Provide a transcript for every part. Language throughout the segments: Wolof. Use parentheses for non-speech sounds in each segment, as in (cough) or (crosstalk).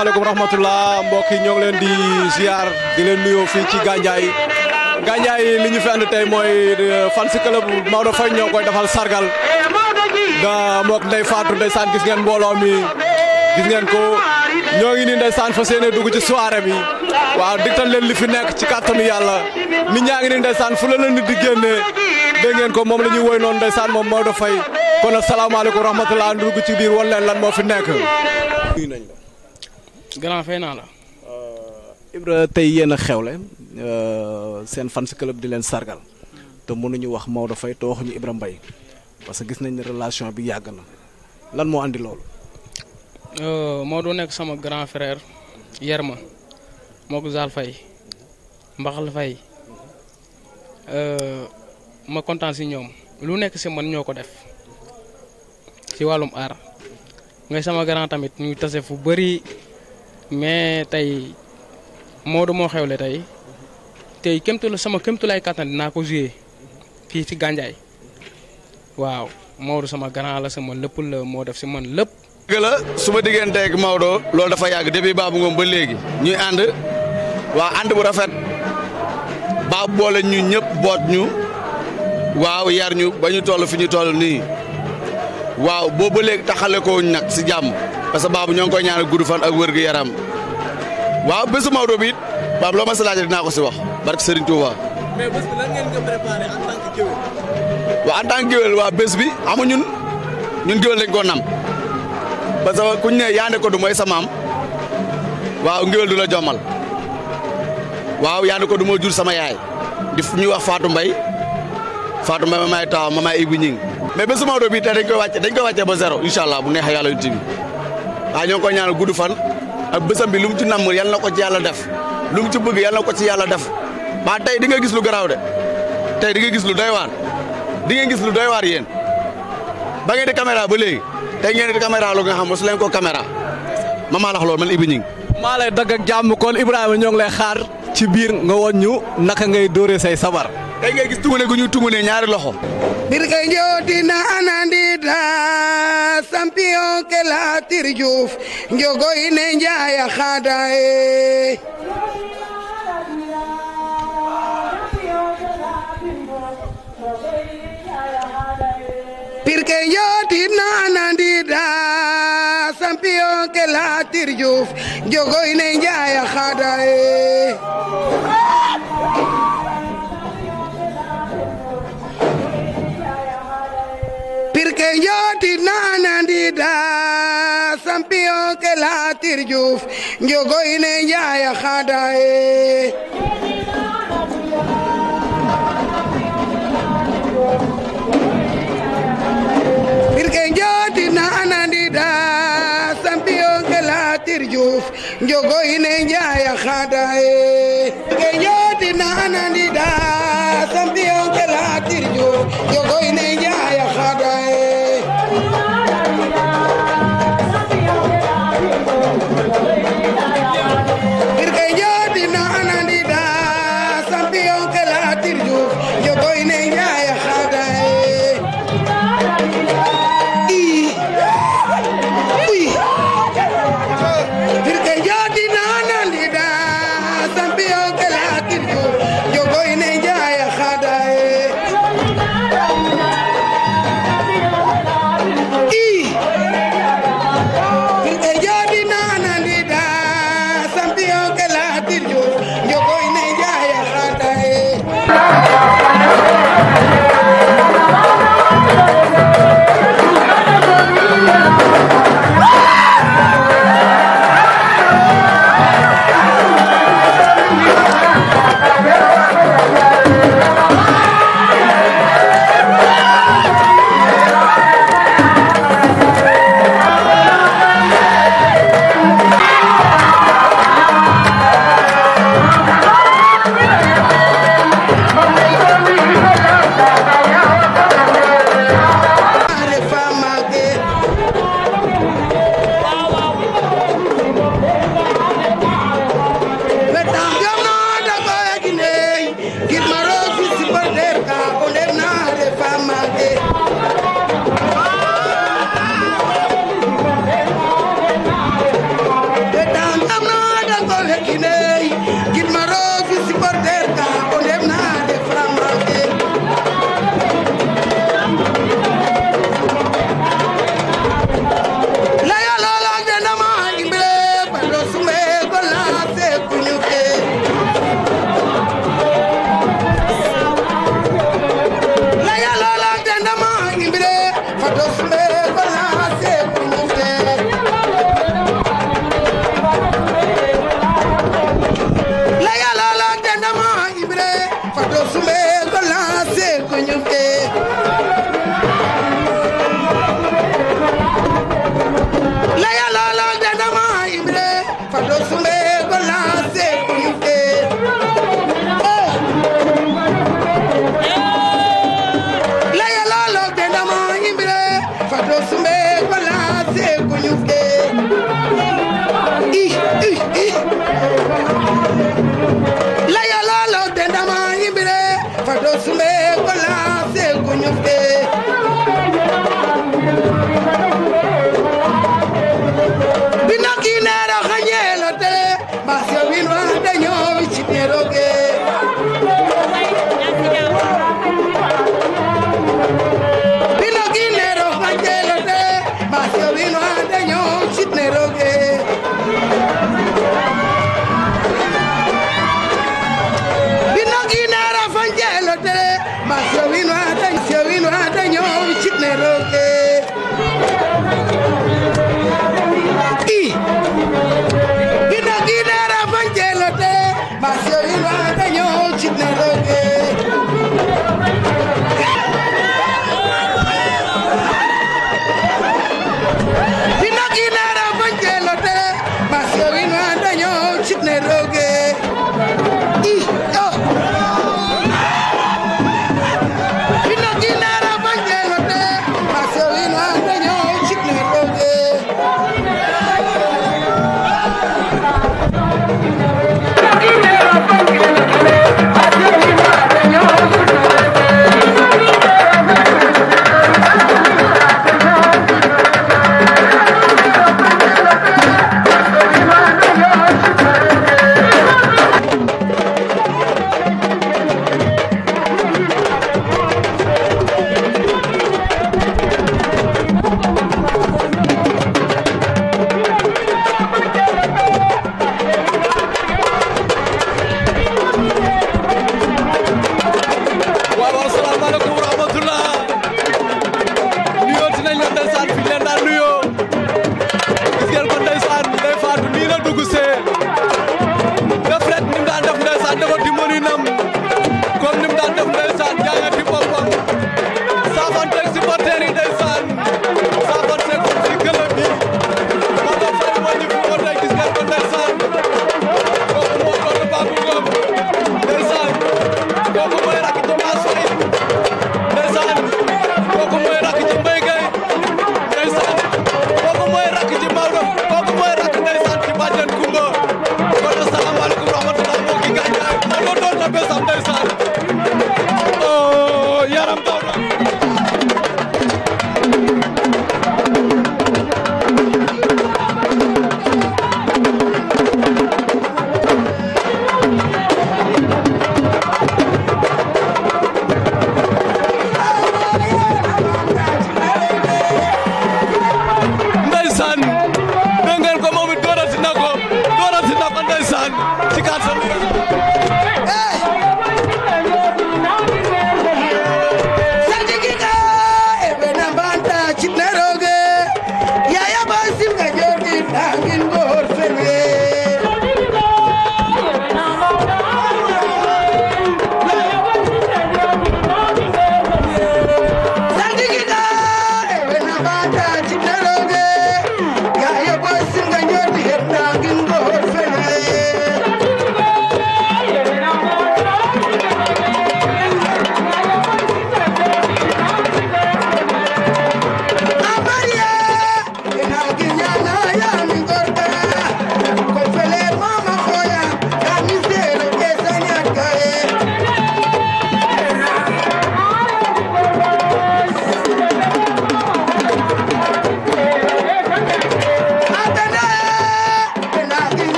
asalaamaaleykum rahmatullah mbokk yi ñoo ngi leen di ziar di leen nuyoo fii ci Gandiaye Gandiaye li ñu fi ànd tey mooy euh, fan si club Maodo Faye ñoo koy defal sargal da ndey Ndeye Fatou ndeysaan gis ngeen mbooloo mi gis ngeen ko ñoo ngi nii ndeysaan fa seen dugg ci soirée bi waaw digtal leen li fi nekk ci kàttanu yàlla nit ñaa ngi nii ndeysaan fu la leen di génnee dégg ngeen ko moom la ñuy woy noonu ndeysaan moom Maodo fay kon asalaamaaleykum rahmatullah dugg ci biir wan lan moo fi nekk. nuyu nañ la. grand final la eh, la. Ibra tay yena xewle euh sen fans club di len sargal te ñu wax fay to waxu ñu Ibra mbay parce que gis nañ ni relation bi yag na lan mo andi loolu. Eh, Maodo nek sama grand frère yerma eh, ma ko Zal fay Mbaxal euh ma content si ñom lu nek ci man ñoko def si walum ar ngay sama grand tamit ñu tassé fu bari mais tey Modou moo xewle tey tey kémtu la sama kémtu lay kàttan dinaa ko joué fii ci Gandiaye waaw Modou sama ganaar la sama lëpp la moo def si man lépp. dëgg la su ma digganteeg Maodo loolu dafa yàgg depuis Babou Ngom ba léegi ñuy ànd waa ànd bu rafet Babou boole ñu ñëpp boot ñu waaw yar ñu ba ñu toll fi ñu toll nii waaw boobu ba léegi taxale ko nag si jàmm. parce que Babou ñoo ngi koy ñaanal gudd fan ak wér gu yaram waaw bésu Maodo bi it Babou loo ma si laajee dinaa ko si wax barke Serigne Touba. mais bés bi lan ngeen ko préparé en ko nam parce que kuñ ne yaande ko du mooy sa maam waaw géwél du la jommal waaw yaande ko du moo jur sama yaay di ñuy wax Fatou Mbaye Fatou Mbaye ma may taaw ma may Ibou Ñing mais bésu Maodo bi tey dañ koy wàcce bu neexee yàlla yu waaw ñoo ngi gudd fan ak bésam bi lu mu ci namm yal na ko ci yàlla def lu ci bëgg yal ko ci yàlla def waa tey di nga gis lu garaaw de tey di nga gis lu doy waar di nga gis lu doy waar yéen ba di caméra ba léegi tey ngeen di caméra lu nga xam mosu leen ko caméra ma maa lax loolu man Ibi Ñing maa lay dagg ak jàmm kon Ibrahima ñoo ngi lay xaar ci biir nga woon ñu naka ngay dóoree say sabar tey ngay gis tugune gu ñuy tugune ñaari loxo birka njootina anandita champion ke latir diouf njogo ke latir diouf njogo ine njaaya xaada pirke njooti nanandiɗa sampiyon ke latir diouf jogoyne njaya xada e pirke njooti nanandiɗa sampiyon ke yogoy ne njaaya xaadaye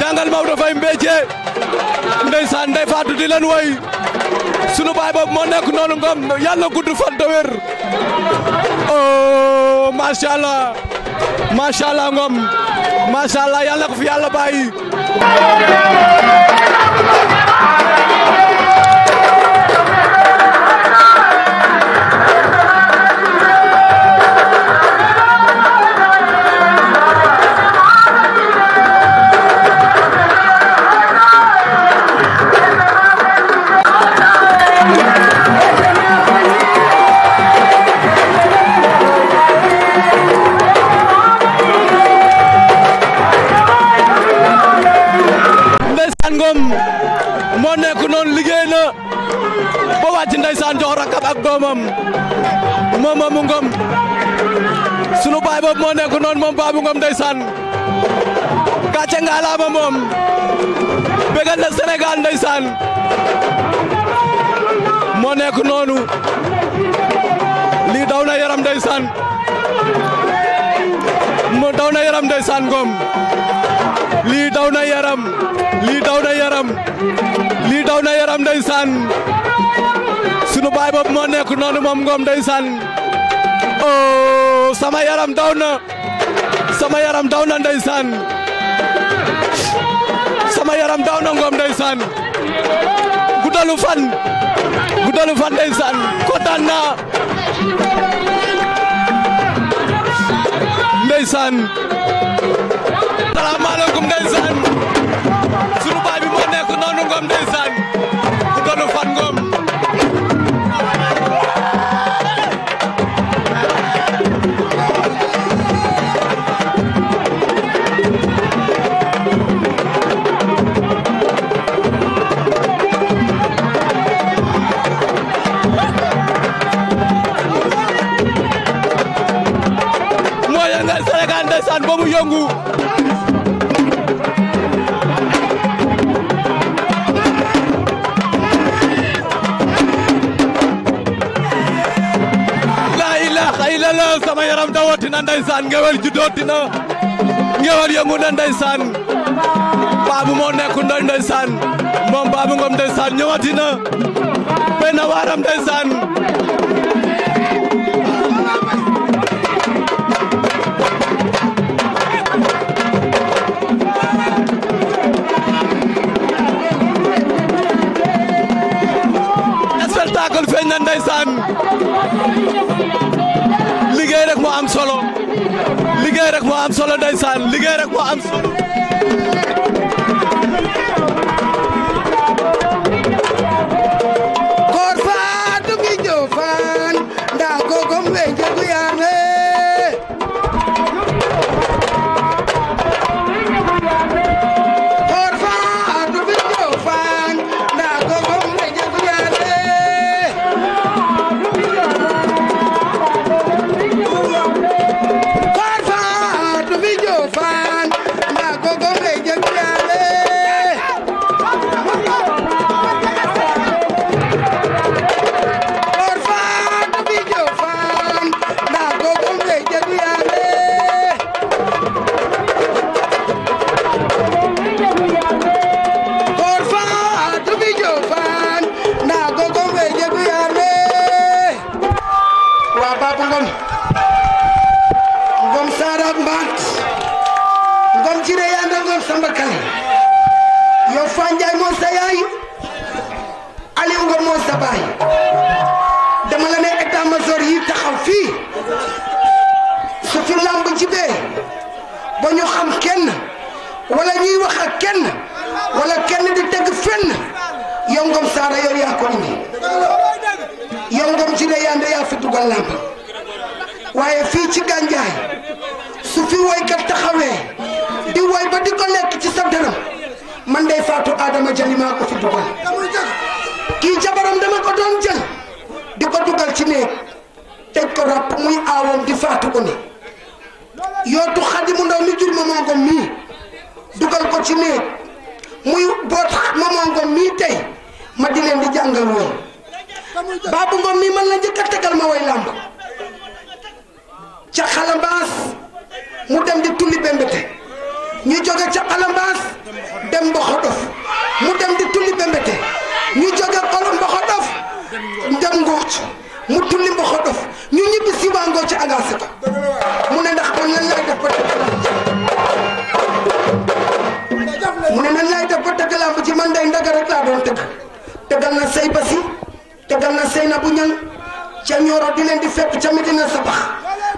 dangal Maodo Faye Mbéjé ndeysaan ndey Fatou di leen woy sunu baay boobu moo nekk noonu ngom yàlla gudd fan te wér oh macha allah macha allah ngom macha allah yàlla ko fi yàlla bàyyi. moom moo nekk noonu liggéey na ba wàcc ndeysaan jox rakam doomam moom Mamou Ngom sunu baay boobu moo nekk noonu moom Babou Ngom ndeysaan gàcce nga laama moom bégal na Sénégal ndeysaan moo nekk noonu lii daw na yaram ndeysaan moo daw na yaram ndeysaan Ngom lii daw na yaram lii daw na yaram lii daw na yaram ndeysaan sunu baay boobu moo nekk noonu moom ngoom ndeysaan oh sama yaram daw na sama yaram daw na ndeysaan sama yaram daw na ngoom ndeysaan guddalu fan guddalu fan ndeysaan kontaan naa salaamaaleykum ndeysaan sunu baay bi moo nekk noonu ngoom ndeysaan ku doonu fan ngoom Sénégal ndeysaan boobu yëngu sama yaram dawatina ndeysaan ngewel juddootina ngewel yëngu na ndeysaan baabu moo nekku ndoy ndeysaan moom baabu ngom ndeysaan ñëwatina benn waaram ndeysaan spectacle feeñ na ndeysaan liggéey rek moo am solo ndeysaan liggéey rek moo am solo ca Nioro di leen di fépp ca Medina Sabax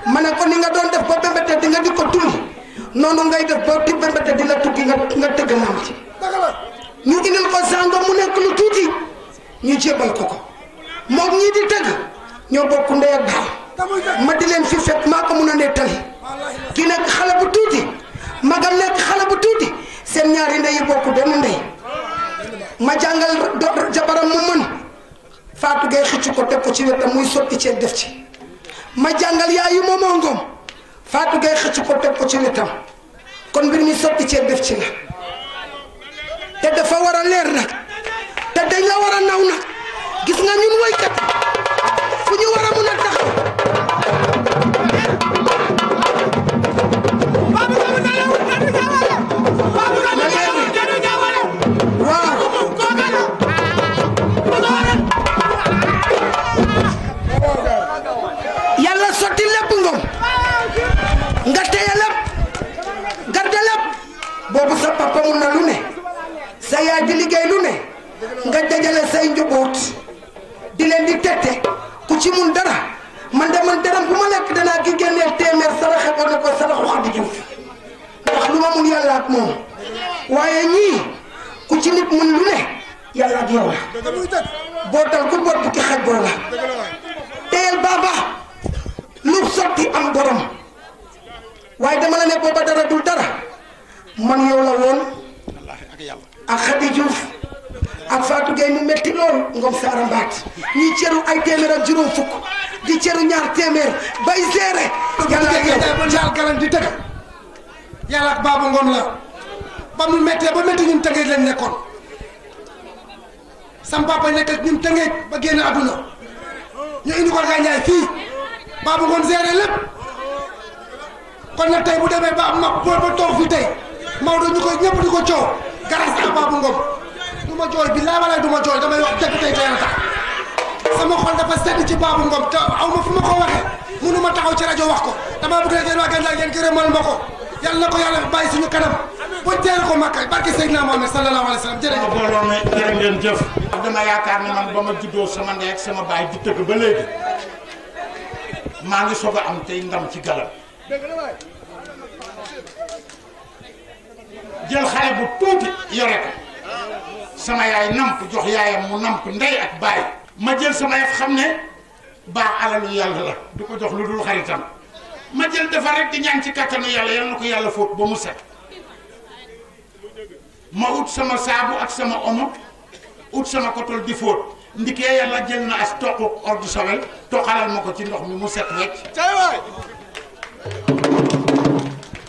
ma ne ko ni nga doon def ba bembete di nga di ko tulli noonu ngay def ba di bembete di la tukki nga nga tëgg lamb ci ñu indil ko sàngo mu nekk lu tuuti ñu jébal ko ko moo ñii di tëgg ñoo bokk ndey ak baay ma di leen fi fekk maa ko mun a nettali ki nekk xale bu tuuti magam nekk xale bu tuuti seen ñaari ndey yi bokk benn ndey ma jàngal jabaram mu mën Fatou Gueye xëcc ko teg ko ci wetam muy sotti ceeb def ci ma jàngal yaayu Momo Ngom Fatou Gueye xëcc ko teg ko ci wetam kon mbir mi sotti ceeb def ci la te dafa war a leer nag te dañ la war a naw nag gis nga ñun woykat fu ñu war a mun a taxaw. boobu sa papa mun na lu ne sa yaay di saya nah, lu ne nga dajale say njobot di leen di tete ku ci mun dara man de man dara bu ma dana gi gene temer téeméer saraxe ko ne ko saraxu Xadi Juuf ndax lu ma mun yàlla ak mom waye ñii ku ci nit mun lu ne yow bo dal ku bot xaj bo la teyel baba lu sotti am borom waye dama la ne ba dara dul dara man yow la woon ak Khady ak Fatou Gueye mu metti lool Ngom Saara Mbaat ceru ay téeméer juróom fukk di ceru ñaar téeméer ba seere yàlla ak jaal galan di tëgg yàlla ak Baba Ngom la ba mu méttee ba métti ñun tëngeej lañ nekkoon sam papa nekk ak ñun tëngeej ba génn àdduna ñu indi ko gàncax fii Baba Ngom seere lépp kon nag tey bu demee ba mag boo ba toog fii tey. Maodo ñu koy ñëpp di ko coow grâce à Babou Ngom du ma jooy bi laa walay ma jooy damay wax dëgg tey teel a tax sama xol dafa sedd ci Babou Ngom te aw fu ma ko waxee mënu ma taxaw ci rajo wax ko damaa bëgg rek yéen waa Gandiaye ngeen gërëmal ma ko yàlla na ko yàlla bàyyi suñu kanam ba teel ko Makka barke Seydina Mohamed sallallahu alayhi wa sallam jërëjëf. booloo ne jërë ngeen jëf. dama yaakaar ne man ba ma juddoo sama nee ak sama baay di tëgg ba léegi maa ngi soo a am tey ndam ci galam jël xale bu tuuti yore ko sama yaay namp jox yaayam mu namp ndey ak baay ma jël sama yaf xam ne baax alalu yàlla la du ko jox lu dul xaritam ma jël dafa rek di ñaan ci kattanu yàlla yal na ko yàlla fóot ba mu set ma ut sama saabu ak sama omo ut sama kotol di fóot ndikee yàlla jël na as toq ordre sawel toqalal ma ko ci ndox mi mu set wecc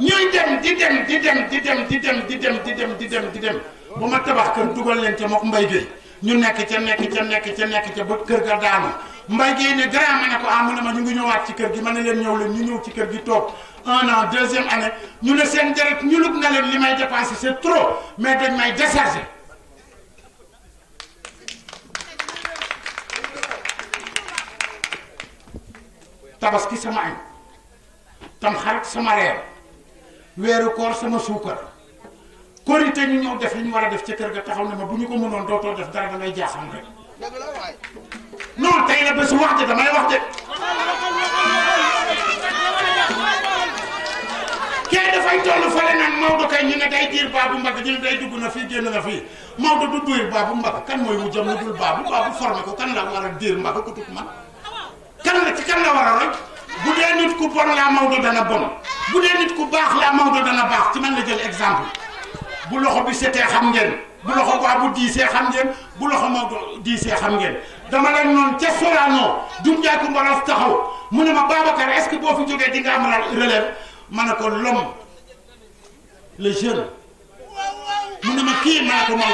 ñuy dem di dem di dem di dem di dem di dem di dem di dem di dem ba ma tabax kër dugal leen ca mook mbay géey ñu nekk ca nekk ca nekk ca nekk ca ba kër ga daanu mbay géey ne grand ma ne ko ah mu ne ma ñu ngi ñëwaat ci kër gi ma leen ñëw leen ñu ñëw ci kër gi toog un na deuxième année ñu ne seen deret ñu lug na leen li may dépensé seen trop mais dañ may déchargé tabaski sama añ tam xarit sama reer weeru koor sama suukar korité ñu ñëw def li ñu war a def ci kër ga taxaw ne ma bu ñu ko mënoon dootoo def dara da ngay jaaxam rek non tey la bésu wax de damay wax de kee dafay toll fële naan Maodo kay ñu ne day diir baabu mbagg ñu ne day dugg na fii génn na fii Maodo du diir baabu mbagg kan mooy mu jëm lu dul baabu baabu formé ko kan la war a diir mbagg ku tut man kan la ci kan la war a rek bu dee nit ku bon laa Maodo dana bon bu dee nit ku baax laa Maodo dana baax ci man la jël exemple bu loxo bi setee xam ngeen bu loxo baa bu diisee xam ngeen bu loxo Maodo diisee xam ngeen dama leen noonu ca Sorano dum jaay ko mbalas taxaw mu ne ma Babacar est-ce que boo fi jógee di nga am relève ma ne ko l'homme le jeune mu ne ma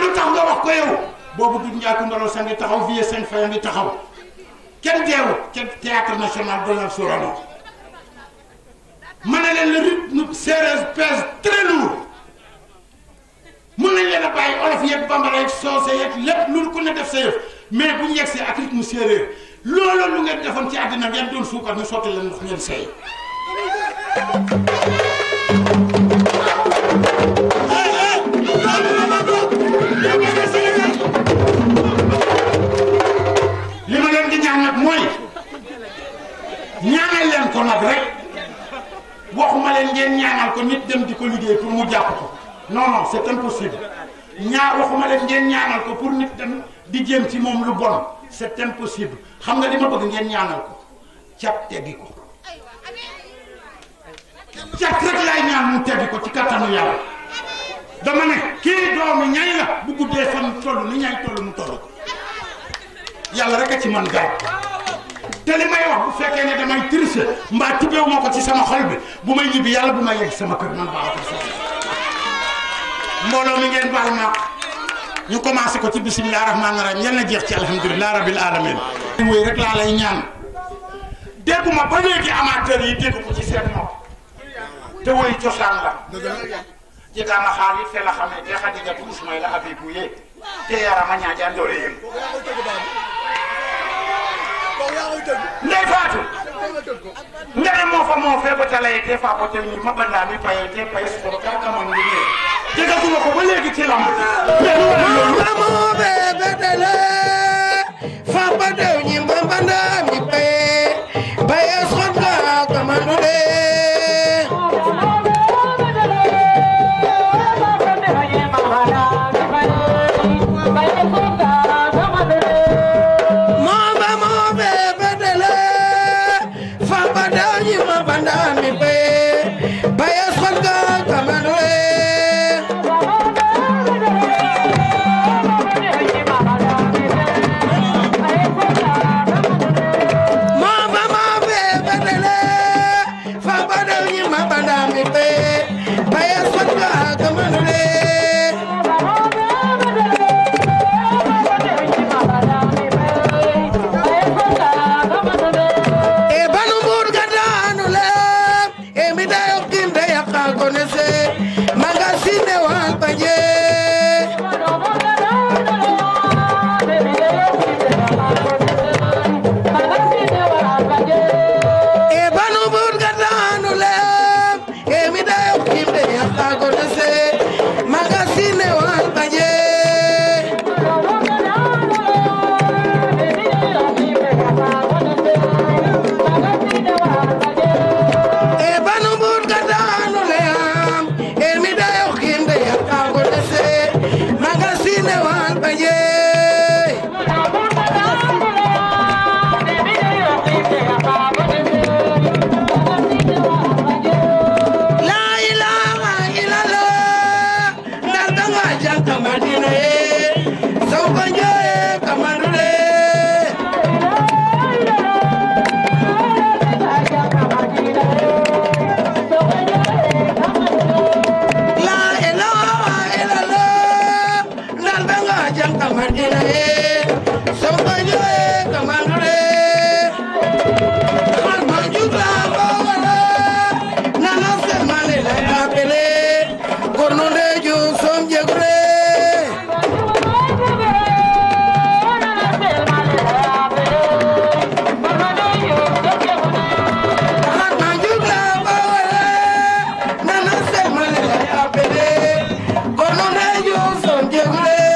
lu tax nga wax ko boobu du njaaku ndoro sa ngi taxaw vie seen faya ngi taxaw kenn teewu kenn théâtre national de la Sorano ma ne leen le rythme séeréer pèse très lourd mën nañ leen a bàyyi olof yeeg bambara yeeg soose yeeg lépp loolu ku ne def sa yëf mais bu ñu yegsee ak rythme séeréer loolu lu ngeen defoon ci àddina ngeen doon suukar ñu sotti leen ndox ngeen seey leen ko nag rek waxuma leen ngeen ñaanal ko nit dem di ko liggéey pour mu jàpp ko non non c'est ñaar waxuma leen ngeen ñaanal ko pour nit dem di jéem ci moom lu bon c'est possible xam nga li ma bëgg ngeen ñaanal ko cat teggi ko cat rek laay ñaan mu teggi ko ci kattanu yàlla dama ne kii doomu ñay la bu guddee fan toll ni ñay toll mu toll yàlla rek a ci man gaay te li may wax bu fekkee ne damay tricher mbaa tibbeewu ma ko ci sama xol bi bu may ñibbi yàlla bu ma yegg sama kër man Babacar Socé mbooloo mi ngeen baal ma ñu commencé ko ci bisimilah rahmaani rahiim yal na jeex ci alhamdulilah rabil alamin wéy rek laa lay ñaan dégguma ba léegi amateur yi dégg ko ci seen nopp te woy cosaan la jiga ma xaalis fe la xamee te xadija bu Ismaïla Habibou yee te yarama ñaajaan doole yéen ndey faatu ndere moo fa moo fee ba talayee te faa ko te ñu ma bandaa mi payee te paye su ko kaa kamoon ngi ñëw jëkkatuma ko ba léegi ci lamb pelu wala loolu amoo bee be dele faa ba dew ñi ma bandaa mi payee paye su ko kaa kamoon ngi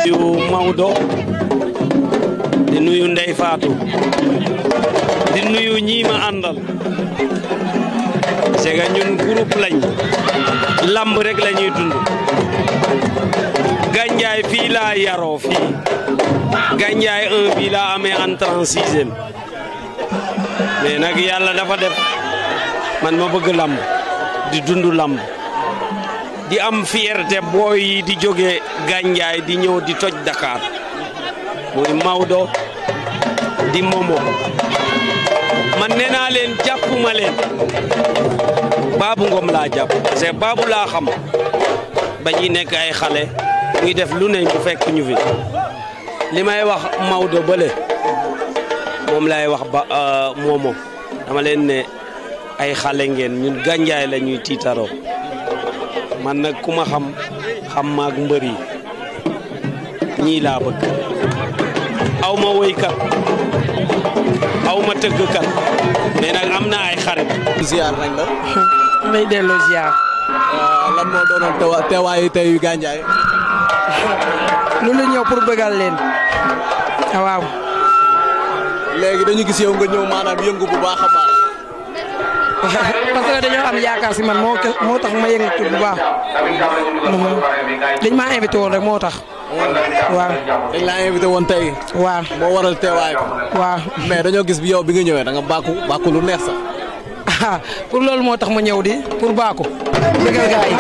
nuyu Maodo di nuyu Ndey Fatou di nuyu ñima andal c'est ga ñun groupe lañ lamb rek lañuy dund ganjay fi la yaro fi ganjay un bi la amé en 36e mais nak yalla dafa def man ma bëgg lamb di dundu lamb di am fierté boy di joggé Gandiaye di ñëw di toj Dakar muy Maodo di Momo man nee naa leen jàppuma leen Babou Ngom jàpp parce que Babou laa xam ba nekk ay xale muy def lu ne bu fekk ñu fi li may wax Maodo bële moom laay wax ba euh, Momo dama leen ne ay xale ngeen ñun Gandiaye la ñuy tiitaroo man na ku ma xam xam maag mbër yi ñii bëgg aw ma woykat aw ma tëggkat nag am na ay xarit. ziar nañ la. may delloo ziar. Euh, lan moo doonoon teewaayu tey yu gànjaay. lu lu ñëw pour bëggal leen waaw. léegi dañu gis yow nga ñëw maanaam yëngu bu baax a baax. (laughs) parce que dañoo am yaakaar si man moo moo tax ma yëngatu bu baax. Mm-hmm. dañ maa invité woon rek moo tax. waaw. dañ laa invité woon tey. waaw moo waral teewaay waa waaw mais dañoo gis bi yow bi nga ñëwee da baaku baaku lu neex sax. ah (laughs) loolu moo tax ma ñëw di pour bàkku. dëggal gars yi.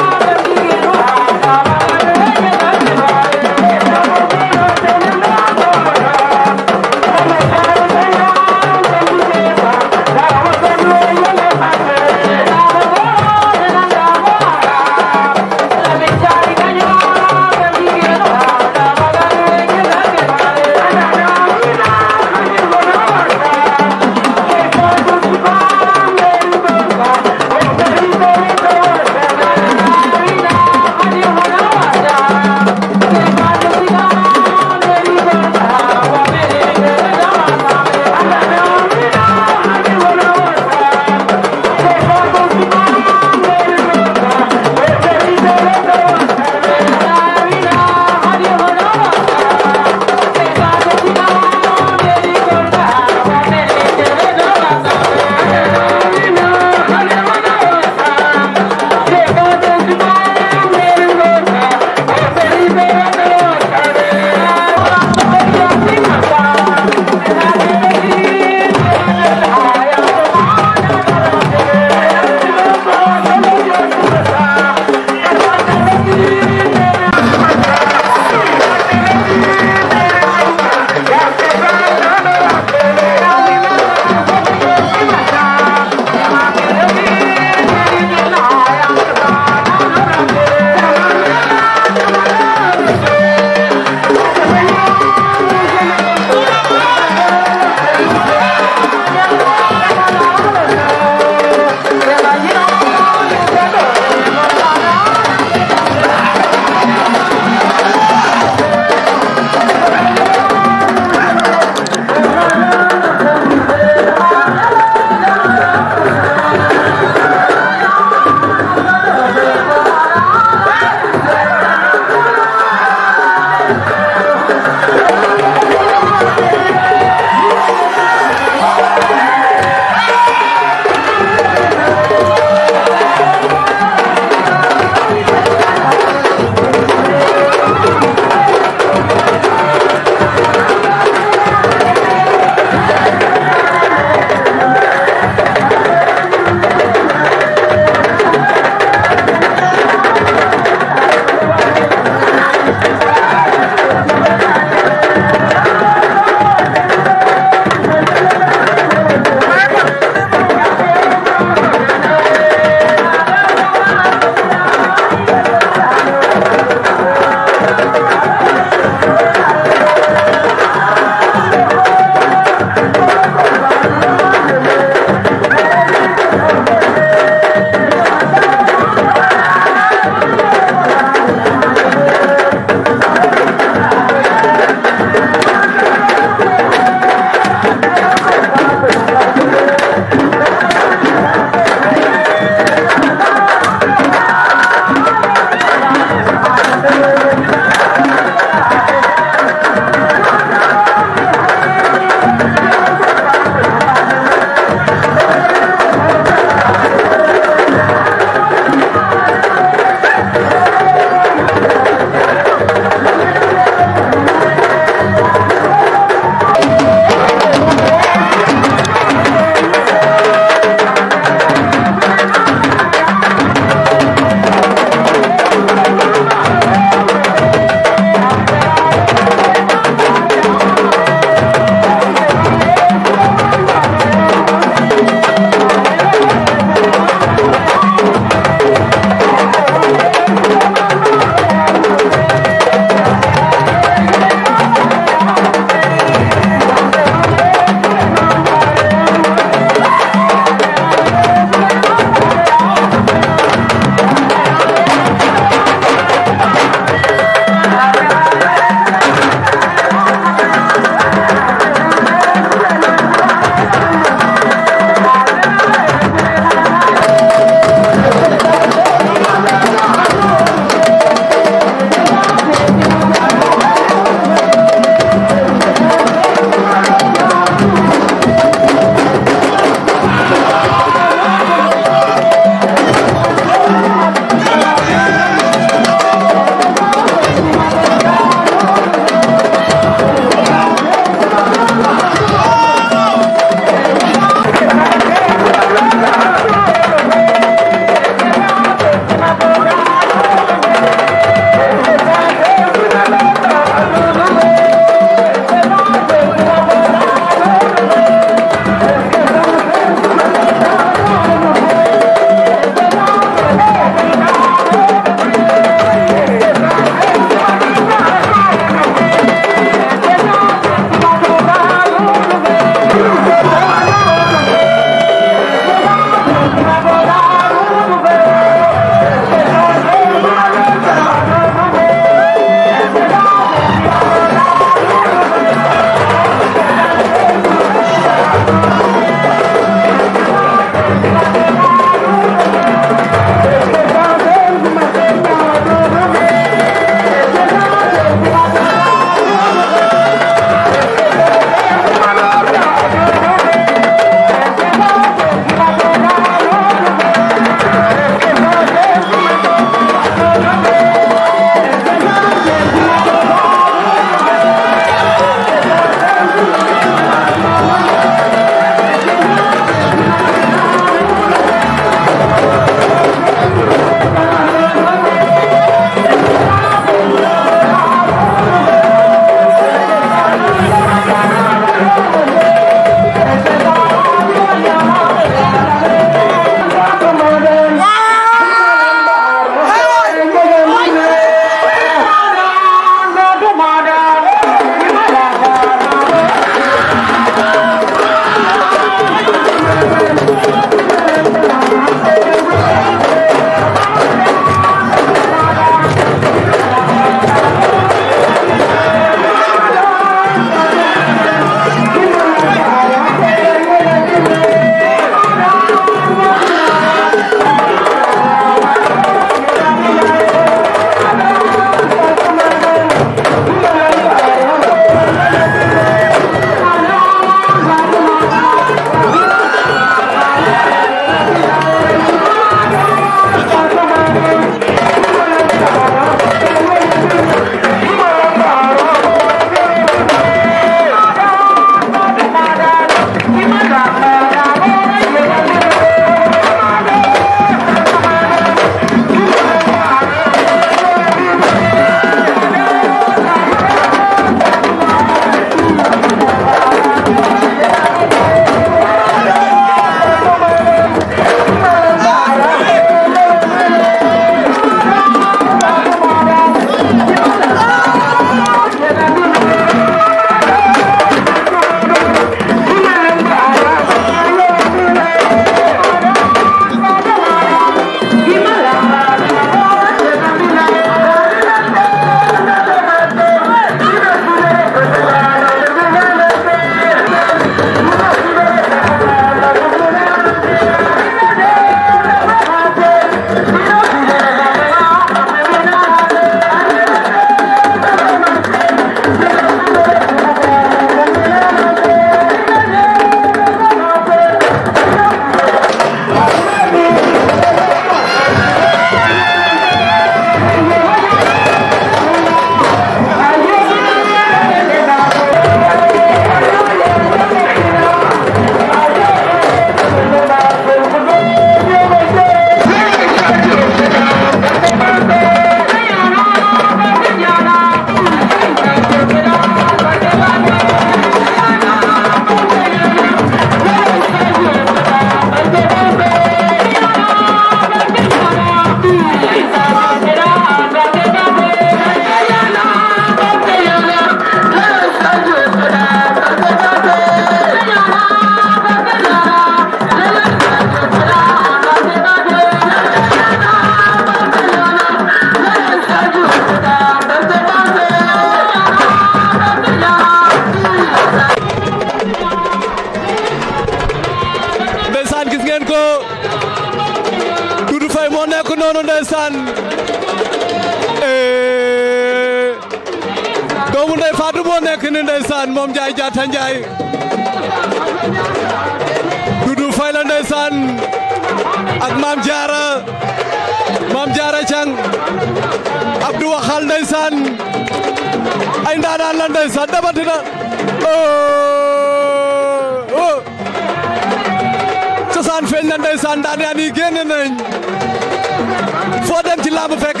làmb fekk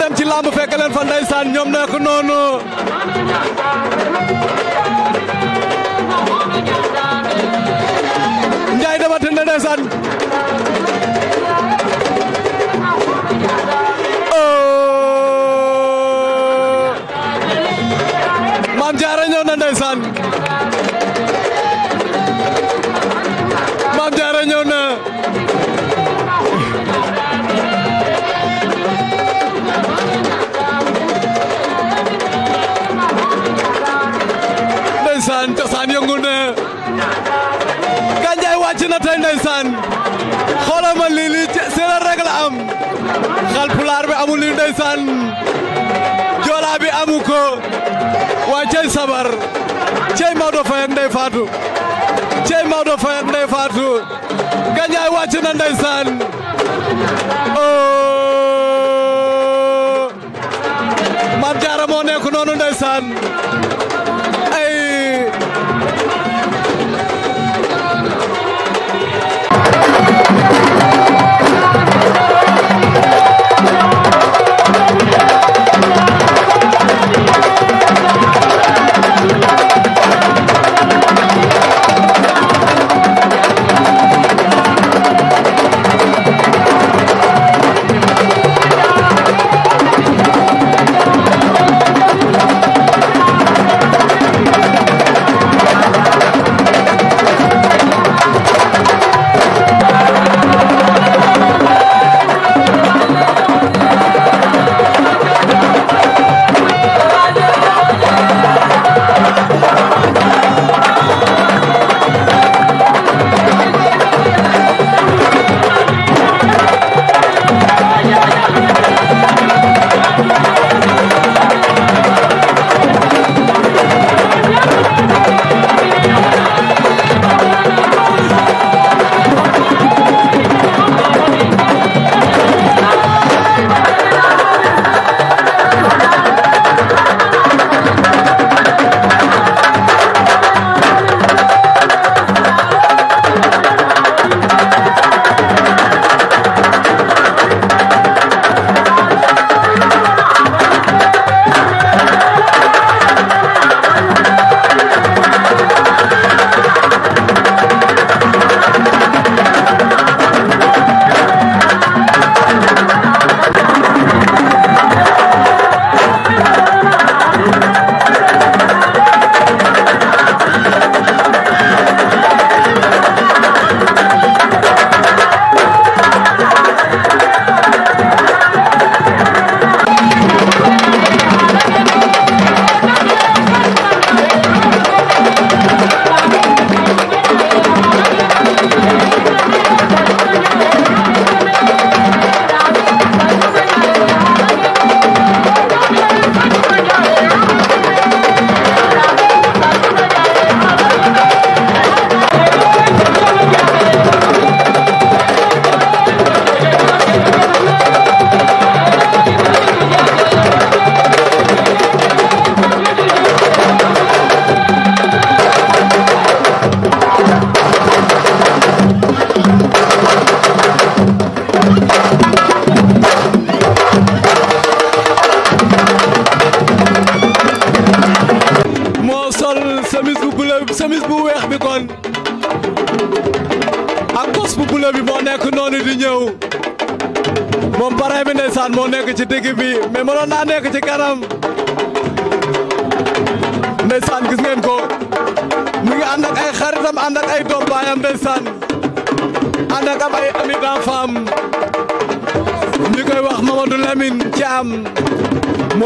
dem ci làmb fekk leen fa ñoom na ndeysaan oh. ndeysaan xoolal ma lii lii séeréer rek la am Haalpulaar bi amul lii ndeysaan Joola bi amu ko waaye cey sabar cey Maodo Faye ak Ndeye Fatou cey Maodo Faye ak Ndeye Fatou gañaay wàcc na ndeysaan oh. Maam Jaara moo nekk noonu ndeysaan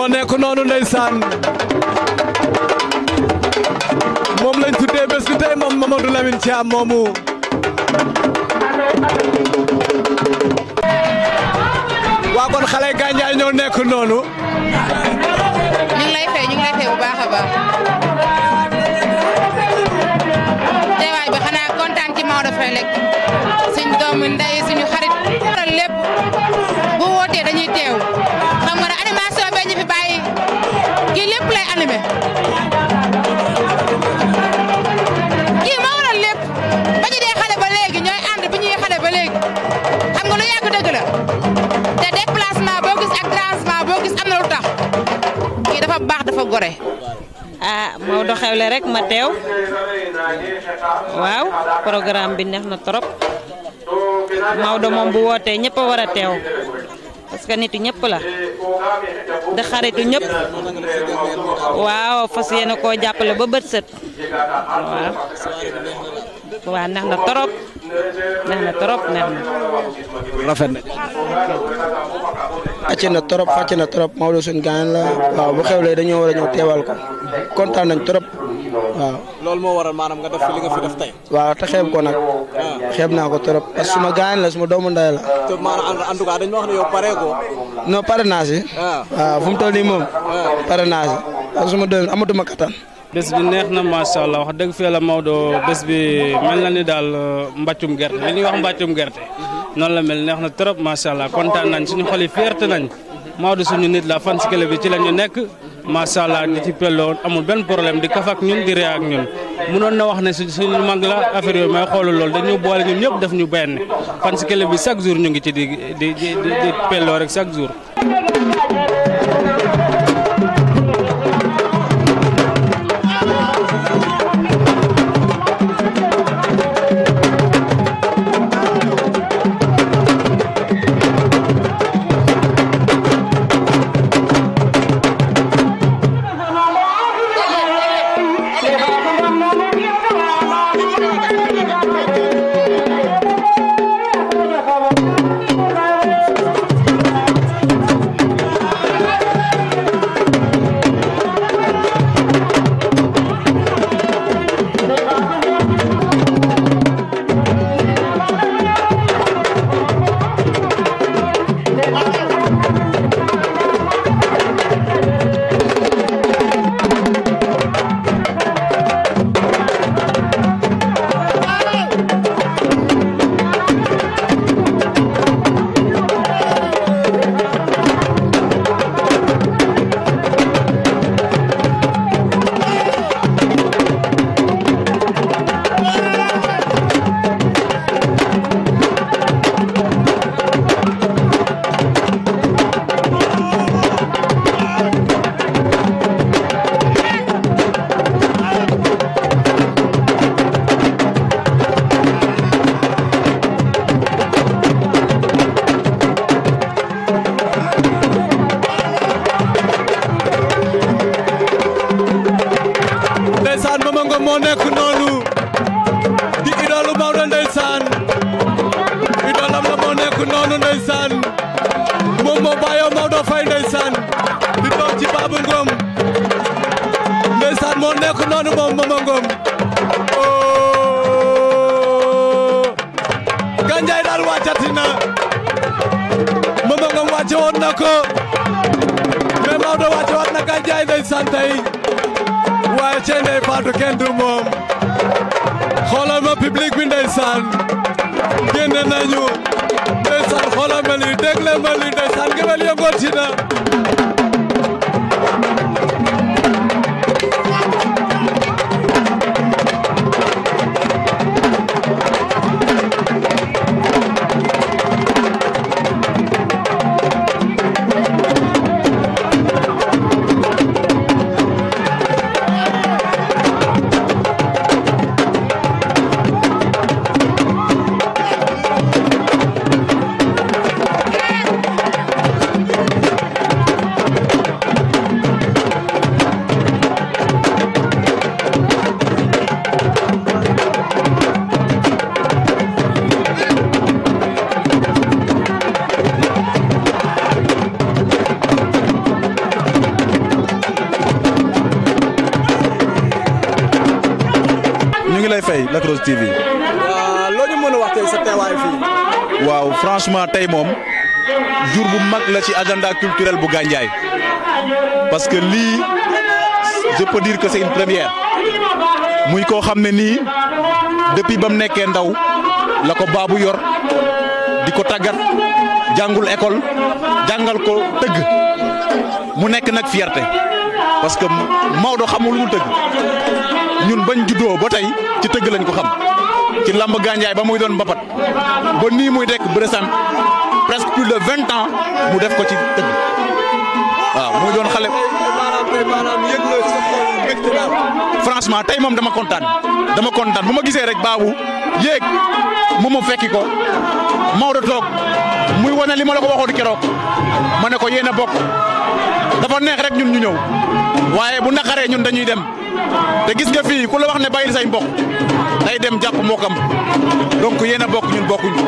moo nekk noonu ndeysaan moom lañ tuddee bés bi tey moom Mamadou Lamine Thiam moomu waa kon xale gànjaay ñoo nekk noonu ñu lay fay ñu lay fay bu baax a baax teewaay bi xanaa kontaan ci Maodo Faye rek suñ doomu ndey suñu xarit lépp gore ah Maodo xewle rek ma tew waw programme bi neex na trop do mom bu wote ñepp wara tew parce que nitu ñepp la da xaritu ñepp waw fasiyene ko jappale ba bët sët waaw waa neex na trop neex na trop neex na rafet acce na trop fàcce na trop Maodo suñ gaañ la waaw bu xewlee dañoo war a ñëw teewal ko kontaan nañ trop waaw. loolu moo waral maanaam nga waaw te xeeb ko nag. Ah. xeeb naa ko trop parce suma gaañ la suma doomu ndey la. te en tout cas dañu wax ne yow pare ko. non naa ah. waaw fu mu toll nii moom. Ah. pare naa si parce suma doom amatuma kattan. bés bi neex na macha allah wax dëgg fii la Maodo bés bi mel na ni daal euh, mbàccum gerte li ñuy wax mbàccum gerte. noonu la mel neex na trop macha allah kontaan nañ suñu xol yi fierté nañ suñu nit la fan si club bi ci la ñu nekk macha allah di ci pelloon amul benn problème di kaf ak ñun di ree ak ñun. mënoon na wax ne suñ suñu mag la affaire yooyu may xoolu loolu dañu boole ñun ñëpp def ñu benn fan si club bi chaque jour ñu ngi ci di di di di pelloo rek chaque jour. Lac TV. waaw waaw franchement tay mom jour bu mag la ci agenda culturel bu Gandiaye parce que li je peux dire que c'est une première muy ko xamné ni depuis bam mu ndaw la ko baabu yor diko ko jangul école jangal ko teug mu nek nak fierté parce que Maodo xamul lu teug ñun bañ juddo ba tay ci teug lañ ko xam ci lamb gañjay ba muy doon bapat ba ni muy dekk Bressan presque plus de 20 ans mu def ko ci teug wa mu doon xalé franchement tay mom dama contane dama contane buma gisé rek baabu yéeg mu fekki ko Maodo tok muy wone li ma la ko waxo kérok mané ko yéna bok dafa neex rek ñun ñu ñew waye bu naxaré ñun dañuy dem te gis nga fii ku la wax ne bàyyil say mbokk day dem jàpp mbokkam donc yéen a bokk ñun bokkuñu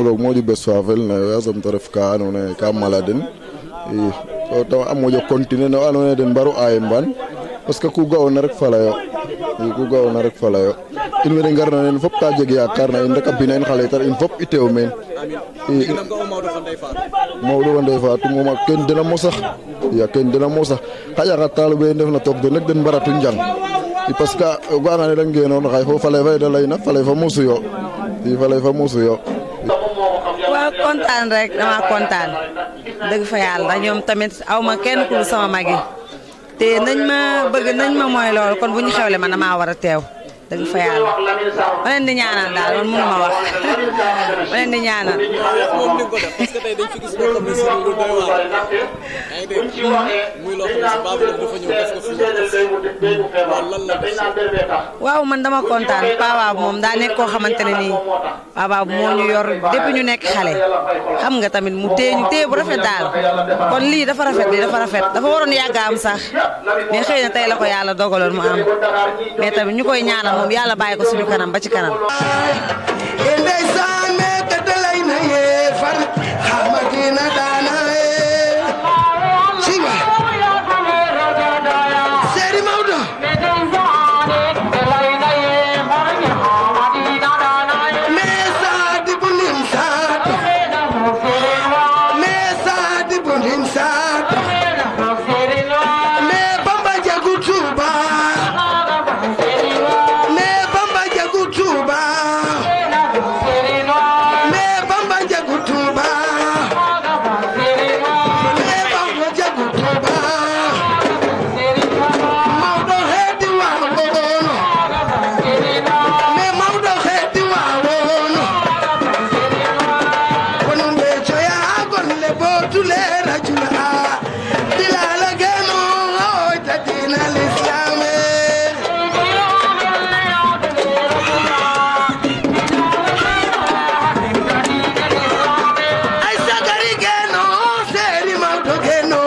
항목으로 모두 배수하վել 네 야섬 터프카 안오네 까말라든 이 또, 아무저 컨티네 너 안오네 된 바로 아엠반 parce que ku gaawoon na rek fa la yo i ku gaawoon na rek fa la yo in wene ngarna neen fop ka jeg yaakaar in rek a bina in xale tar in fop i teew meen i Maodo fa Ndeye Fatou moom a kene den a mosax i a kene a mosax xaƴa xa taalibe ndef na took den rek den mbaratu njang i parce que o ga'anga ne da ngenoon xaye fo faley fa ye da layna faley fa mosu yo i faley fa mosu yo kontaan rek dama kontaan dëgg fa yàlla ñoom tamit aw ma kenn ku sama mag yi te nañ ma bëgg nañ ma mooy kon bu ñu xewle man damaa war a teew. dëgg fa yàlla ma leen di ñaanal daal ma leen di dañ fi gis loo xam ne si lu doy waar ne si baabu waaw lan la waaw man dama kontaan papa moom daa nekk koo xamante ne nii papa moo ñu yor depuis ñu nekk xale xam nga tamit mu téye ñu téye bu rafet daal kon lii dafa rafet lii dafa dafa waroon yàgg am sax mais xëy tey la ko yàlla dogaloon mu am mais tamit ñu koy ñaanal moom yàlla bàyyi ko suñu kanam ba ci kanam. ndeysaan nekk dalay na yee far xamadina daal. no, que no.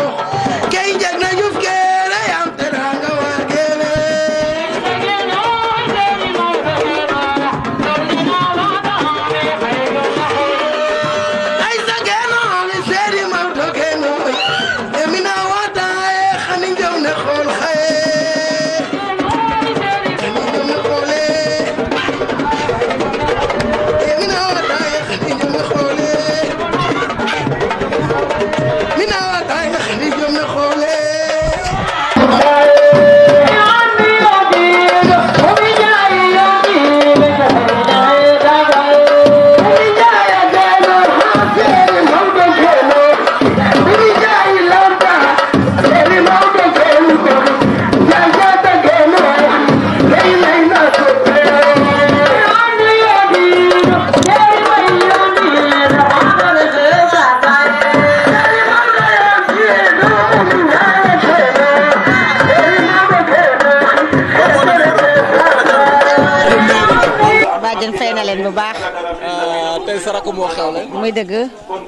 muy dëgg.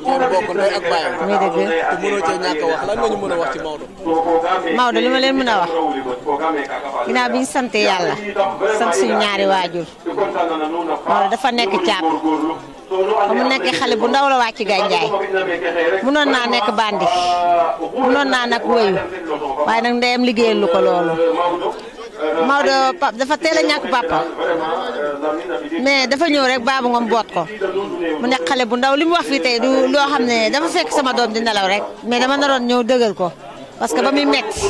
ngeen bokk ndey ak baay. muy dëgg. te mënoo cee ñàkk a wax lan nga ñu mën a wax ci Maodo. Maodo li ma leen mën a wax ginnaaw bi ñu sant yàlla sant suñu ñaari waajur Maodo dafa nekk caab ba mu nekk xale bu ndaw la wàcc gànjaay munoon naa nekk bandi munoon naa nag wéyu waaye nag ndeyam liggéeyal lu ko loolu Maodo dafa teel a ñàkk papa mais dafa ñëw rek baabu ngom boot ko mu nekk xale bu ndaw li mu wax fii tey du loo xam ne dafa fekk sama doom dina law rek mais dama naroon ñëw dëgal ko parce que ba muy metti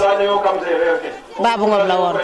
baabu ngoom la woon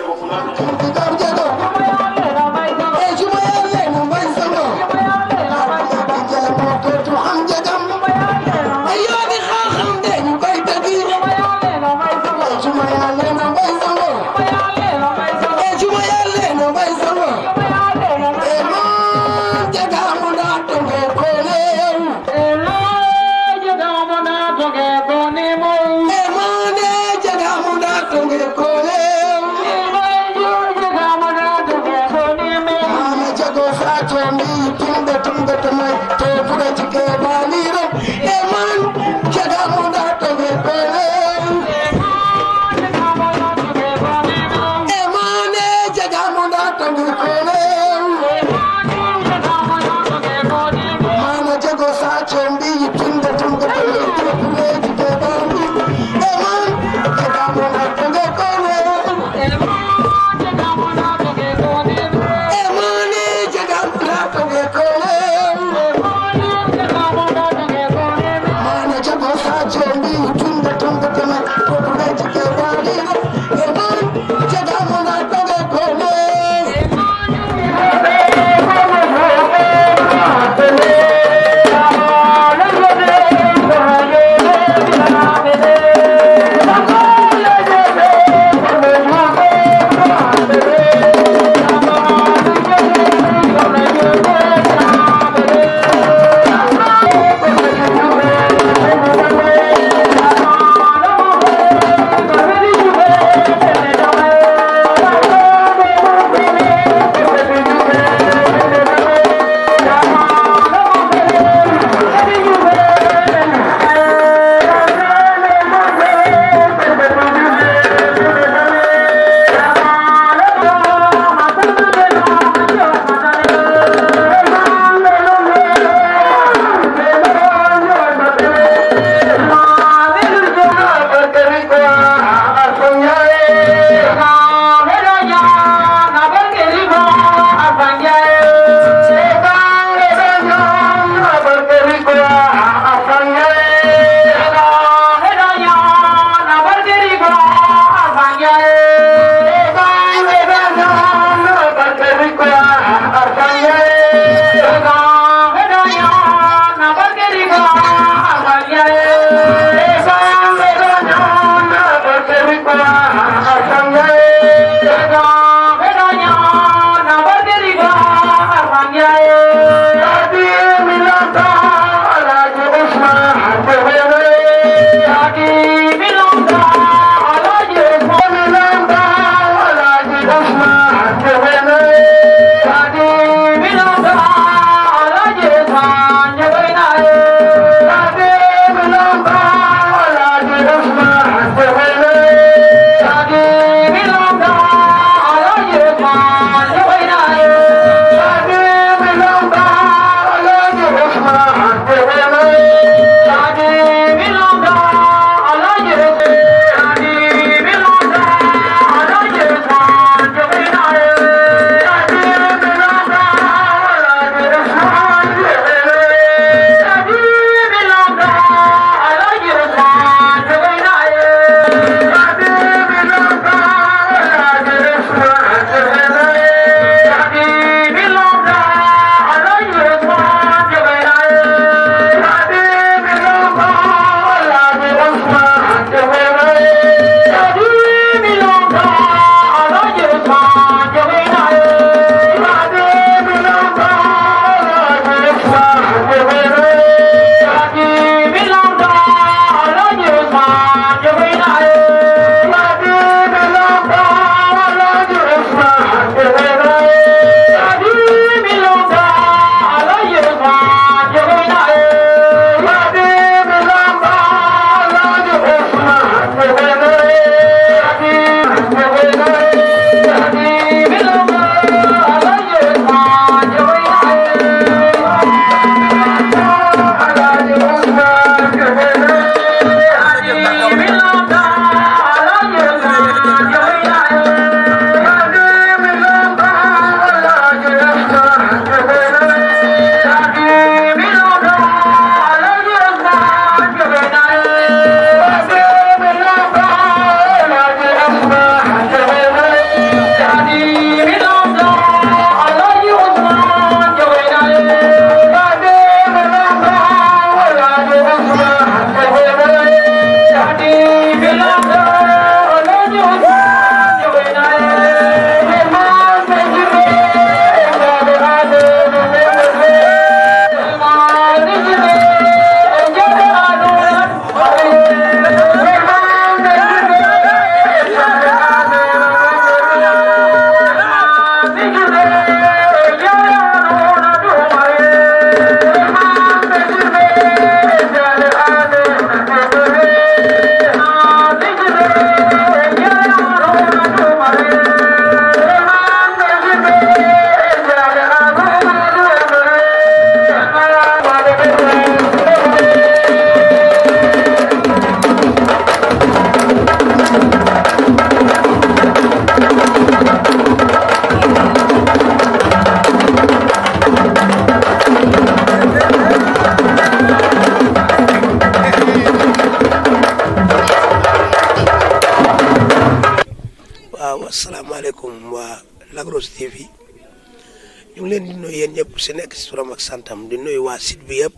si nekk si turam ak santam di nuyu waa site bi yëpp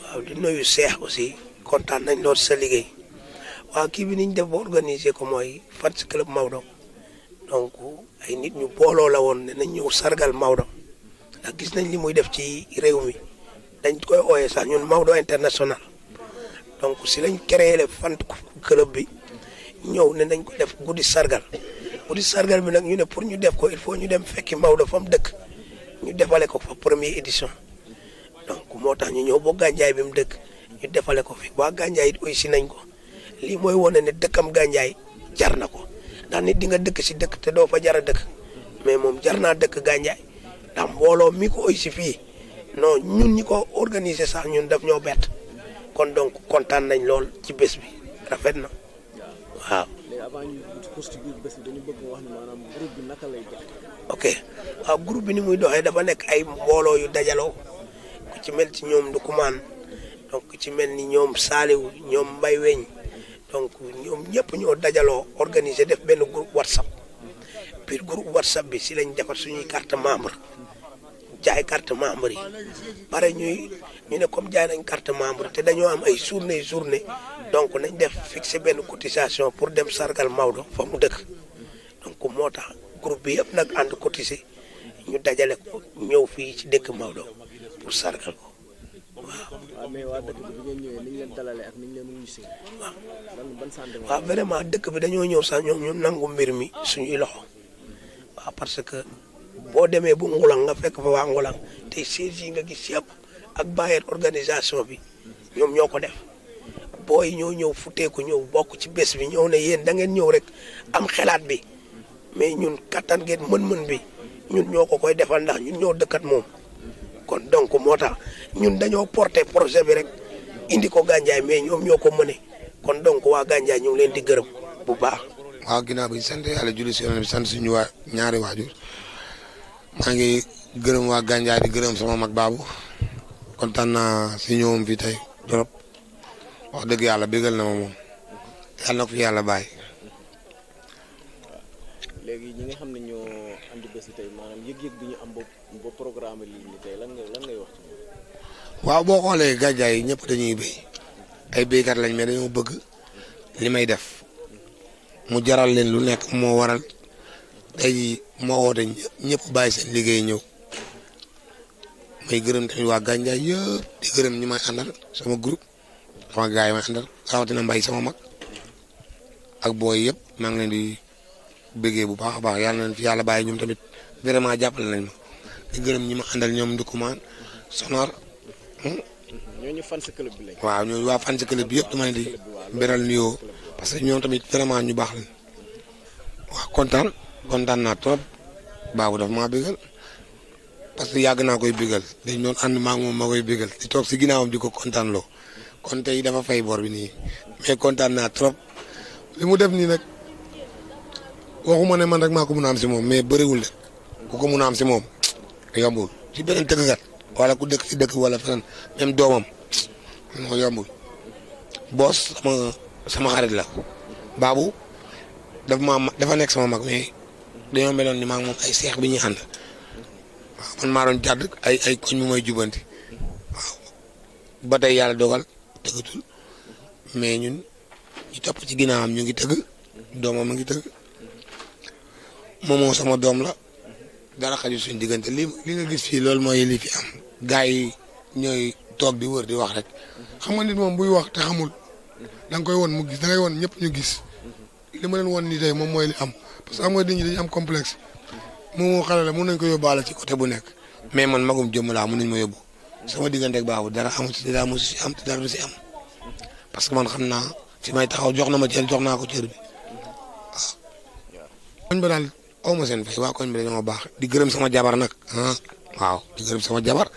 waaw di nuyu seex aussi kontaan nañ lool sa liggéey waaw kii bi niñ def ba organiser ko mooy fans club Maodo donc ay nit ñu booloo la woon ne nañ ñëw sargal Maodo a gis nañ li muy def ci réew mi dañ koy ooyee sax ñun Maodo international donc si lañ créé le fan club bi ñëw ne nañ ko def guddi sargal guddi sargal bi nag ñu ne pour ñu def ko il faut ñu dem fekki Maodo fa dëkk defale ko fa premier édition donc moo tax ñu ñëw ba Gandiaye bi mu dëkk ñu defale ko fi waa Gandiaye it oysi nañ ko lii mooy wane ne dëkkam Gandiaye jar na ko ndax nit di nga dëkk si dëkk te doo fa jar a dëkk mais moom jar naa dëkk Gandiaye ndax mbooloo mi ko oysi fii non ñun ñi ko organiser sax ñun daf ñoo bett kon donc kontaan nañ lool ci bés bi rafet na waaw. avant ñu dañu bëgg wax ne maanaam groupe bi naka lay def ok waaw groupe bi ni muy doxee dafa nekk ay mbooloo yu dajaloo ku ci mel ci ñoom Ndukumaan donc ku ci mel ni ñoom Saaliw ñoom Mbay Weñ donc ñoom ñëpp ñoo dajaloo organiser def benn groupe WhatsApp puis groupe WhatsApp bi si lañ defar suñuy carte membre jaay carte membre yi pare ñuy ñu ne comme jaay nañ carte membre te dañoo am ay journée journée donc nañ def fixer benn cotisation pour dem sargal Maodo fa mu dëkk donc moo tax. group bi yëpp nag ànd cotisé ñu dajale ko ñëw fii ci dëkk Maodo pour sargal ko waaw. waa dëkk bi bu leen dalalee ak leen wuyu si waaw waaw vraiment dëkk bi dañoo ñëw sax ñoom ñu nangu mbir mi suñuy loxo waaw parce que boo demee bu Ngulang nga fekk fa waa Ngulang te siège yi nga gis yëpp ak bàyyeet organisation bi ñoom ñoo ko def. booy ñoo ñëw futteeku ñëw bokk ci bés bi ñëw na yéen da ngeen ñëw rek am xelaat bi mais ñun katan gën mën-mën bi ñun ñoko ko koy defal ndax ñun ñoo dekkat mom kon donc motax ñun dañoo porter projet bi rek indi ko gànjaay mais ñom ñoko ko mëne kon donc wa gànjaay ñu ngi leen di gërëm bu baax wa gina bi sante yàlla julli ci yonent bi sante suñu wa ñaari waajur ma ngi gërëm wa gànjaay di gërëm sama mag kon tan na ci ñoom fi tay trop wax deug yalla bégal na mom yalla ko fi yàlla léegi xam ne ñoo andi bés tey maanaam bi ñu am ba ba programme lii nii lan nga lan ngay wax waaw boo xoolee gàncax yi ñëpp dañuy béy ay béykat lañ mais dañoo bëgg li may def mu jaral leen lu nekk moo waral tey moo woote ñëpp bàyyi seen liggéey ñëw may gërëm tamit waa gàncax yëpp di gërëm ñi may àndal sama groupe sama gars yi may àndal rawatina mbay sama mag ak booy yëpp maa ngi di. bëggee bu baax a baax yàlla nañ fi yàlla bàyyi ñoom tamit vraiment jàppale nañ ma di gërëm ñi ma àndal ñoom Ndoukoumane Sonar. Hmm? ñooñu fan si club bi lañ. waaw ñooñu waa fan si club bi yëpp dama ne di beral nuyoo parce que ñoom tamit vraiment ñu baax lañ waaw kontaan kontaan naa trop baabu dafa maa bëggal parce que yàgg naa koy bëggal dañ doon ànd maa moom ma koy bëggal di toog si ginnaawam di ko kontaan loo kon tey dafa fay bor bi nii mais kontaan naa trop li mu def nii nag. waxuma ne man rek mako ko a am ci mom mais bëriwul de ku ko mun a am si moom yombul si tegg gat wala ku dëkk ci dëkk wala fenen même domam mo yombul boss sama sama xarit la babu dafa ma dafa nek sama mag mais dañu meloon ni mag mom ay cheikh biñu ñuy man ma doon jadd ay ay koñ mu may jubanti waaw ba tey yàlla dogal mais ñun ñu top ci ginaam ñu ngi tegg domam ngi tegg moo moomoo sama doom la dara xaju suñ diggante li li nga gis fii loolu mooy li fi am gars yi ñooy toog bi wër di wax rek xam nga nit moom buy wax te xamul da koy won mu gis da ngay ñëpp ñu gis li ma leen won nii moom mooy li am parce que am nga nit ñi dañu am complexe moomoo xale la mën nañ ko yóbbaale ci côté bu nekk mais man magum jëmm laa mënuñ ma yóbbu sama diggante baabu dara amu ci dara mosu si am te dara si am parce que man xam naa fi may taxaw jox na ma cër jox naa ko cër bi waaw. aw ma seen fay waa koñ bi dañoo baax di sama jabar nag ah waaw di gërëm sama jabar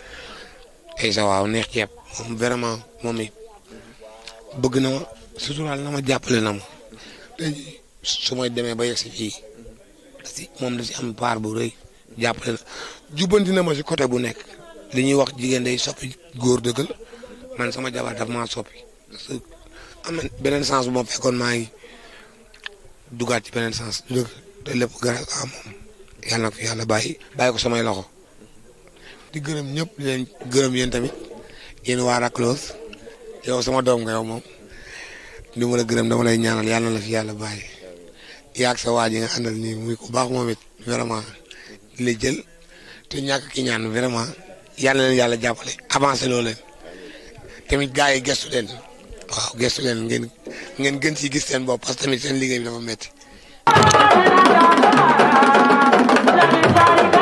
ay sa waaw neex ceeb moom vraiment moom it bëgg na ma suturaal na ma jàppale na may demee ba yegg moom da si am paar bu rëy jàppale na ma si côté bu nekk li ñuy wax jigéen day soppi góor dëggal man sama jabar daf maa soppi parce que beneen sens bu ma fekkoon maa ngi dugaat ci beneen sens te lépp grâce à moom yàlla na ko fi yàlla gërëm ñëpp gërëm yéen tamit yéen waa yow sama doom nga yow ma la gërëm dama lay ñaanal yàlla na la fi yàlla bàyyi yaag sa waa ji nga àndal nii muy ku baax moom it vraiment la jël te ñàkk ki ñaan vraiment yàlla leen yàlla jàppale avancé loo leen tamit gars yi gestu leen waaw gestu leen ngeen ngeen gën ci gis seen bopp parce tamit seen liggéey bi dafa métti. Bye.